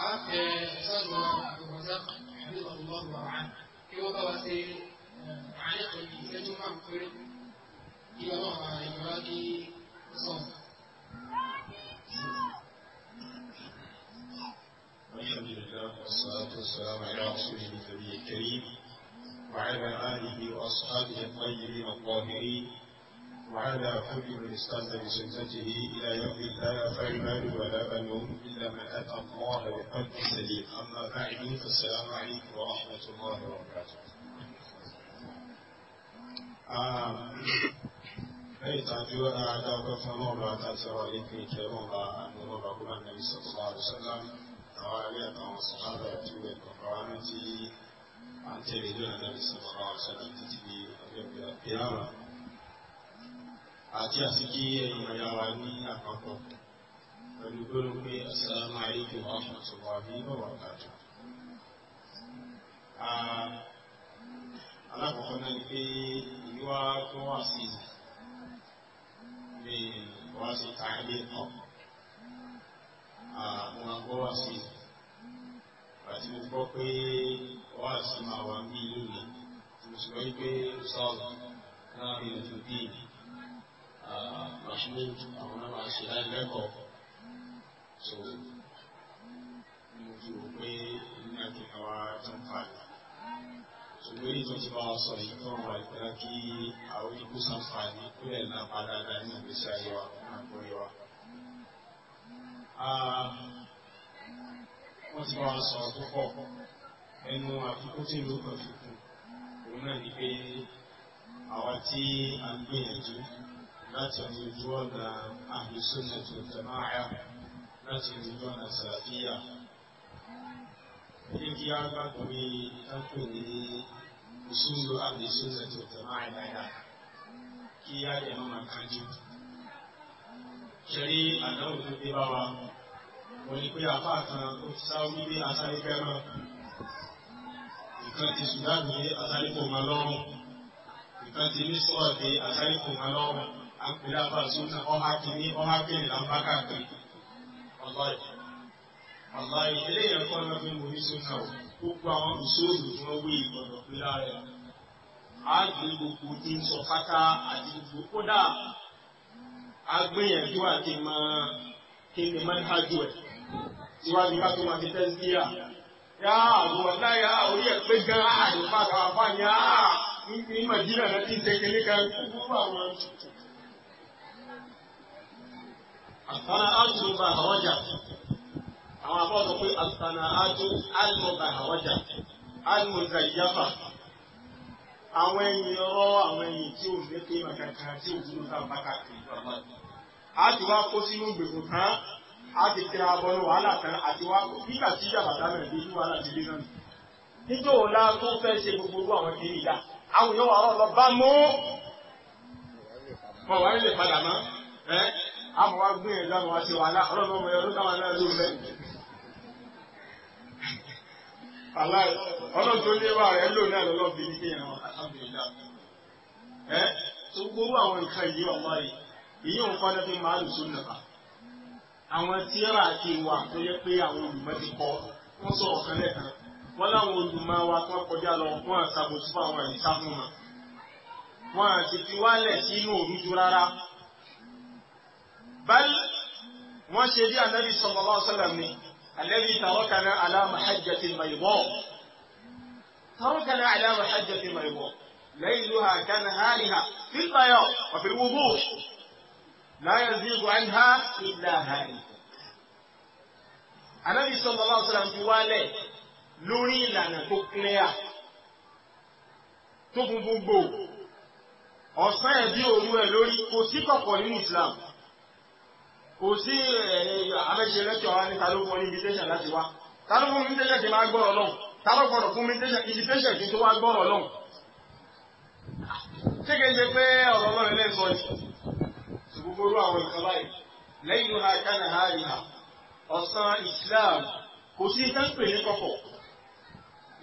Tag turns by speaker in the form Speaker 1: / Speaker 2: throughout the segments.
Speaker 1: عارف أستاذ عبد الرزاق حفظه الله ورعاه kí wọ́n bá wa ṣe àárín ìṣẹ́jú márùn-ún péré kí ọlọ́run ìrora kí والصلاة والسلام على رسول النبي الكريم وعلى آله وأصحابه الطيبين الطاهرين وعلى كل من استنى بسنته إلى يوم لا ينفع مال ولا بنون إلا من أتى الله بقلب سليم أما بعد فالسلام عليكم ورحمة الله وبركاته lẹ́yìn tàbí ọ̀dá ọgbẹ́ fún ọlọ́run àtàtẹ̀rọ ìpín ìkẹrùn ra àwọn ọba kúrò nàbí sọ̀tọ̀ àrùsọ́lá àwọn àrí àtàwọn sọ̀tọ̀ àti ìwé kọ̀ọ̀kan tí à ń tẹ̀lé lónà nàbí sọ̀tọ̀ àrùsọ́lá títí di ọjọ́ ìgbéyàwó àti àti kí ẹ̀yin ọ̀yà wa ní àpapọ̀ pẹ̀lú gbọ́dọ̀ pé assalamu alaikum wa rahmatullahi wa barakatuh. alákọ̀ọ́kọ́ náà ni pé ìlú wa tó wà sí ní wá sí tàbí ọ̀ àwọn agbọ́ wà sí àti mo gbọ́ pé wà sí máa wà ní ìlú mi mo sì gbọ́ pé sọ́ọ̀lù náà rí ojú bíi Mahmood àwọn náà máa ṣe láìlẹ́kọ̀ọ́ so mo fi wò pé nínú àkíkà wa tó ń fà ní.
Speaker 2: ṣùgbọ́n èyí tó ti bá wa sọ yìí tó ń wà ìpínlẹ̀ kí
Speaker 1: àwọn ikú sàǹfààní kúrẹ̀ náà padà dá ní ìgbésí ayé wa àgbóyè wa. wọ́n ti bá wa sọ tó pọ̀ ẹnu àfikún tí ìlú kan fi kún òun náà ni pé àwa tí a ń gbìyànjú láti ní ojú ọ̀nà àlùsọ́nẹ̀tì òjàmáà láti ní ojú ọ̀nà sàfíà. Ilé kí á gbàgbọ́ ní tápò ní òṣùlù àlùsọ́nẹ̀tì òjàmáà náírà kí á yẹ máa kájú. Ṣẹ̀rí àdáwò tó dé bá wa, wọ́n ní pé apá kan ó ti sá orí bí asáré fẹ́ràn. Ìkan ti Sudan asáré kò máa lọ́rùn. Ìkan ti Mísírọ̀ ní asáré kò máa lọ́rùn àpèlè àbàṣúnà ọmọ akíní ọmọ akíní làwọn akáàkiri ọláyì ọláyì eléyìí ẹ̀kọ́ náà fi ń wo ní sọ́nà o gbogbo àwọn ìṣòro tí wọ́n wé ìgbọ̀dọ̀ pé lára ẹ̀ á gbé gbogbo tí ń sọ pátá àti gbogbo kódà á gbìyànjú àti máa kí ni máa ń síwájú ká tó máa fi tẹ́ sí à yá àwọn ọ̀láyà orí ẹ̀ pé gan àdùnfà àwọn àbáyá ní Màdínà láti ń tẹ́kẹ́lé kan gbogbo àwọn
Speaker 2: àtànà áàtù bá àwọjà
Speaker 1: àwọn àbọ̀dọ̀ pé àtànà áàtù àlùmọ̀ bá àwọjà àlùmọ̀ zàyíyáfà àwọn ẹ̀yìn ọ̀rọ̀ àwọn ẹ̀yìn tí ò ní pé màkàkà tí ò dúró sáà bá káàkiri a ti wá kó sínú gbèsè kan a ti tẹ abọ́lé wàhálà kan àti wá nígbà tí yàbàtà bẹ̀rẹ̀ dé ní wàhálà ti dé náà níjó ọ̀la tó fẹ́ ṣe gbogbo àwọn kiri ìyá àwọn èèyàn wà lọ bá mú wọn wà nílé padà mọ́ ẹ́ àmọ́ wá gbìyànjú àmọ́ wá sí wàhálà ọlọ́run ọmọ ẹ̀rọ táwọn náà ló fẹ́. aláì ọlọ́run tó léwà rẹ̀ lò náà lọ́lọ́ bí ní kéèyàn wọn alhamdulillah. ẹ tó gbowó àwọn nǹkan yìí ọmọ yìí èyí òun fọdọ́ fi máa lù sóun nàbà. àwọn tíra àti ìwà tó yẹ pé àwọn olùmọ̀ ti kọ́ wọ́n sọ̀rọ̀ kan lẹ́ẹ̀kan wọ́n láwọn olùmọ̀ wa tó kọjá lọ wọ́n àṣàbòtú fún àwọn àyíká wọn. wọ́n àti fi wálẹ̀ sínú òrùjú rárá بل wọ́n ṣe bí anabi sallallahu alaihi wasallam ni alladhi tarakana ala mahajjatil bayda tarakana ala mahajjatil bayda layluha kanahariha fil bayad wa fil wudu' la yazigu anha illa halik anabi sallallahu alaihi wasallam ti wálẹ̀ lórí ìlànà tó kílẹ̀ à tó fún gbogbo ọ̀sán ẹ̀ bí òru ẹ̀ lórí kò sí kọ̀kọ̀ nínú islam kò sí eh, abẹ́ṣe lẹ́tọ̀ wa níta ló fún ọ ní invitation láti wá ta ló fún invitation kí n máa gbọ́rọ̀ lọ́hùn ta ló gbọ́dọ̀ fún invitation kí n tó wá gbọ́rọ̀ lọ́hùn. ṣé kìí ṣe pé ọ̀rọ̀ ọlọ́run lè sọ ìṣọ̀ gbogbo orú àwọn nǹkan báyìí lẹ́yìn ha kánà ha ìhà ọ̀sán Islam kò sí tẹ́sípè ní kọ̀kọ̀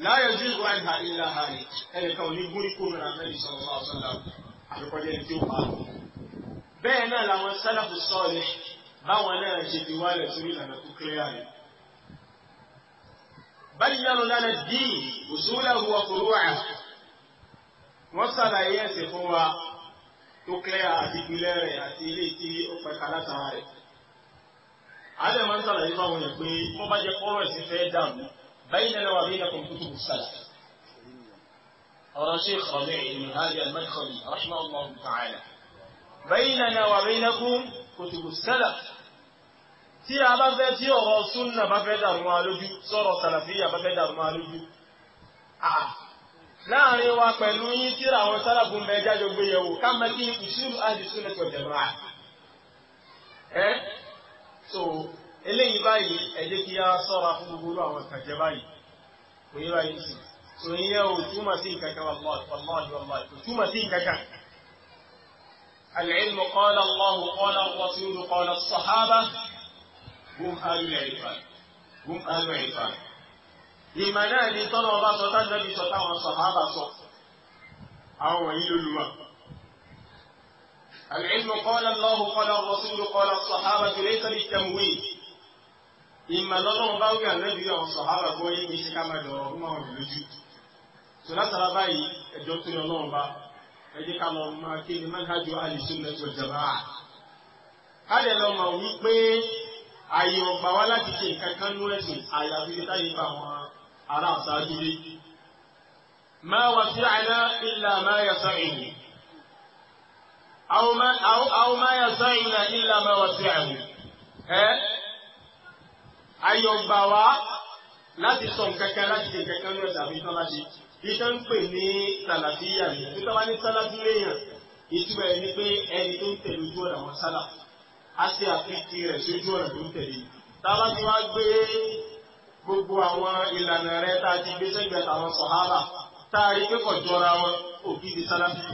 Speaker 1: láyọ̀ jù wá ìhà ìlà ha ẹnìkan ò ní gúrí kúrò bẹ́ẹ̀ náà làwọn sálàfù sọ̀rọ̀ báwọn náà ṣe ti wálẹ̀ sórí ìlànà tó kílẹ̀ ààrẹ. báyìí yálò lánà díì usulahu wa furu'ahu wọ́n ṣàlàyé ẹ̀sẹ̀ fún wa tó kílẹ̀ àti ìpìlẹ̀ rẹ̀ àti ilé tí ó pẹ̀ka látara rẹ̀. àádọ́ máa ń ṣàlàyé fáwọn yẹn pé wọ́n bá jẹ́ kọ́rọ̀ ẹ̀sìn fẹ́ dànù báyìí náà wà bíi nàkùn kútù sàlà. ọ̀rọ̀ Sheikh Rabi' min hadha al-madkhali rahimahullah ta'ala. بيننا وبينكم kutubu salaf tí a bá fẹ́ tí ọ̀rọ̀ súnà bá fẹ́ dàrú wọn lójú sọ̀rọ̀ sàlàfíà bá fẹ́ dàrú wọn lójú láàrin wa pẹ̀lú yín tíra àwọn sálàfù ń bẹ jájọ gbé yẹ̀wò ká mọ kí ìṣúlù àti ìṣúlù ẹ̀kọ́ jẹ̀mọ́ à. ẹ so eléyìí báyìí ẹ jẹ́ kí a sọ́ra fún gbogbo àwọn ìkàjẹ́ báyìí kò yẹ báyìí sí so ìyẹn ò túmọ̀ sí nǹkan kan wà lọ́wọ́ àti wà lọ́wọ́ àti wà lọ́wọ́ àti kò túmọ̀ sí nǹkan kan. العلم قال الله قال الرسول قال الصحابة هم أهل العرفان هم أهل العرفان لمن أهل طلب صلى الله عليه وسلم الصحابة صف أو وعيد الوقت العلم قال الله قال الرسول قال الصحابة ليس للتمويل إما لهم باوي أن نبي الصحابة قوي إيه، مش كما دورهم أو سنة ربعي جوتنا لهم باوي ẹ jẹ́ ká lọ máa ké ní manhajú al-sunnah wal jamaa'ah. ká lè lọ mọ̀ wípé ààyè ọ̀gbà wa láti ṣe nǹkan kan ní ẹ̀sìn àyàfi ní táyé bá wọn ará àṣáájú rí. ma wasi'na illa ma yasa'uhu. aw ma yasa'na illa ma wasi'ahu. ẹ́ ààyè ọ̀gbà wa láti sọ nǹkan kan láti ṣe nǹkan kan ní ẹ̀sìn àfi tán láti ṣe iṣẹ́ ń pè ní sàlàfíà yìí nígbà wá ní sàlàfí léèyàn ìtumọ̀ ẹ̀ ni pé ẹni tó ń tẹ̀lé ojú ọ̀nà wọn sálà á ṣe àfihàn rẹ̀ sí ojú ọ̀nà tó ń tẹ̀lé tábà tí gbé gbogbo àwọn ìlànà rẹ̀ tá a ti gbé sẹ́gbẹ̀ẹ́ àwọn sọ̀hábà tá a rí pé kò jọra wọn òbí di sàlàfí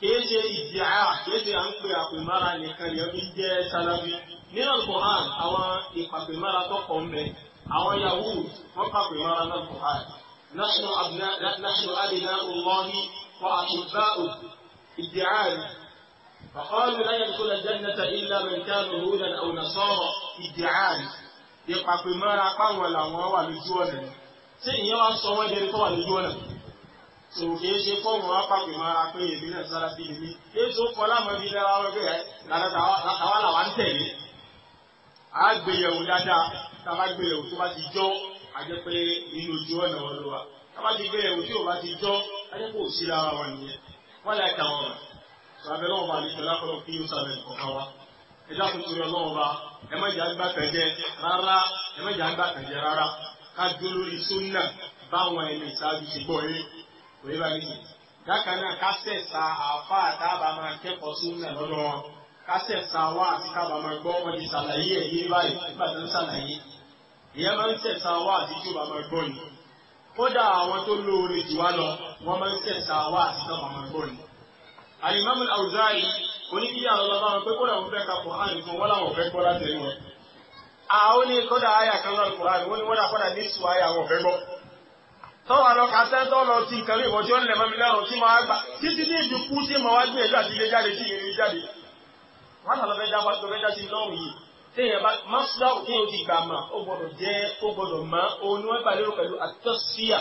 Speaker 1: kìí ṣe ìdíyà kìí ṣe à ń pè àpèmára nìkan ni ọbí jẹ́ sàlàfí nínú al àwọn ìpàpèmára tó kọ̀ ń àwọn yahoo wọ́n pàpèmára náà نحن أبناء نحن أبناء الله وأحباؤه ادعاء فقالوا لا يدخل الجنة إلا من كان هودا أو نصارى ادعاء يقع في مرة ولا وهو لجوانا سيئن يوان صوما جريكو لجوانا so kìí ṣe fọ́ọ̀mù apapẹ̀ máa ra pé èmi náà sára sí ibi kìí ṣe ó kọ́ láwọn ibi lára wọn bẹ́ẹ̀ látàwọn làwọn ń tẹ̀lé àjẹ́ pé nínú ojú ọ̀nà wọn ló wa kábà ti gbé ẹ̀wù tí ò bá ti jọ́ àjẹ́ pé ò sí lára wọn nìyẹn wọ́n láì ka wọn sàbẹ̀ lọ́wọ́ bá àlejò lápẹ̀lọ́ kí yóò sàbẹ̀ kọ̀ọ̀kan wa ẹ dákun torí ọlọ́wọ́ bá ẹ má jà gbà kẹ̀jẹ́ rárá ẹ má jà gbà kẹ̀jẹ́ rárá ká dúró lórí sunna báwọn ẹni ìsáájú ti gbọ́ yé kò yé bá mi sè dákan náà ká sẹ̀sà àfa àtàbà máa kẹ́kọ̀ọ́ sunna lọ́dọ̀ wọn ká sẹ̀sà wá àti kábà máa gbọ́ wọn ti sàlàyé ẹ̀ báyìí nígbà tó ń sàlàyé ìyẹn máa ń tẹ̀sà wá àti tí ó bá máa gbọ́ ni kódà àwọn tó lóore jù wá lọ wọ́n máa ń tẹ̀sà wá àti tí ó bá máa gbọ́ ni. Al-Imam Al-Awza'i oníkíyà lọ́la bá wọn pé kódà wọn fẹ́ ka Kùránì fún wọn làwọn fẹ́ gbọ́ láti ẹnu wọn. àwọn ní kódà àyà kan lọ Kùránì wọn ni wọn dàpọ̀ dàbí sùn àyà wọn fẹ́ gbọ́. tọ́wọ́ lọ ka sẹ́ńtọ́ lọ sí nǹkan lè wọ́n tí ó ń lẹ̀ mọ́mi lẹ́rùn tí máa gbà títí téèyàn bá mọ́síláwù téèyàn ti gbà mà ó gbọ́dọ̀ jẹ́ ó gbọ́dọ̀ mọ́ òun ni wọ́n gbà lérò pẹ̀lú àtẹ́síà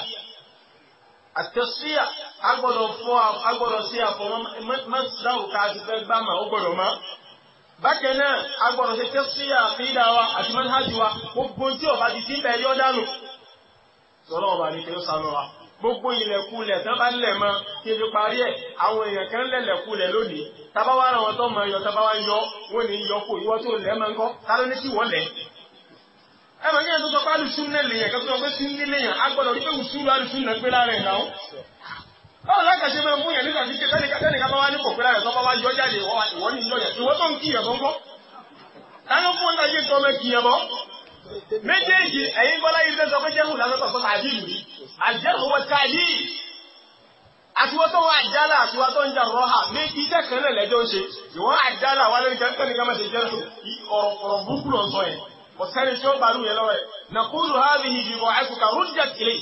Speaker 1: àtẹ́síà agbọ́dọ̀ fọ́ agbọ́dọ̀ sí àfọ́ mọ́síláwù ká ti fẹ́ gbà mà ó gbọ́dọ̀ mọ́. bákan náà agbọ́dọ̀ ṣe tẹ́síà fídà wa àti mọ́nájú wa gbogbo tí ọba ti ti bẹ̀ yọ dànù. sọ̀rọ̀ ọba ni kí ló sanu wa gbogbo ilẹ̀kulẹ̀ tán bá ń lẹ̀ mọ́ kí ebi parí ẹ̀ àwọn èèyàn kan lẹ̀lẹ̀kulẹ̀ lónìí tábà wá ra wọn tó mọ ẹyọ tábà wá yọ wọn ní yọ kó ìwọ tó lẹ máa ń kọ tálọ ní kí wọ́n lẹ. ẹ mọ̀ kí ẹ tó sọ pé alùsùn náà lè yàn kí ẹ tó sọ pé sùn nílé yàn á gbọ́dọ̀ rí pé òsùn lọ alùsùn náà gbé lára ẹ̀ náà. báwo láti ṣe máa mú yàn nígbà tí kẹtẹ́nìkà bá wá ní kò pé lára ẹ̀ tó bá wá yọ jáde ìwọ ní yọ yàn ìwọ tó ń kí yàn tó ń kọ́ lánàá fún ọ̀nà yé tọ́mọ kì í yẹn bọ́. méjèèjì ẹ̀yin gbọ́dọ̀ yìí fẹ́ sọ pé jẹ́hùn lásán tó sọ àdìrì àjẹ́hùn àtiwọ́ tó wá àjálà àtiwọ́ tó ń jà rọ́hà ní iṣẹ́ kan náà lẹ́jọ́ ń ṣe ìwọ́n àjálà wà lórí kẹ́kẹ́ ní kẹ́mẹ́sẹ̀ jẹ́ tó ọ̀rọ̀ ọ̀rọ̀ burúkú lọ sọ yẹn ọ̀sẹ́ni tí ó bá lù yẹn lọ́wọ́ yẹn nàkúrú hàbí yìí bọ̀ àìkú kà rúdìjà tìlẹ̀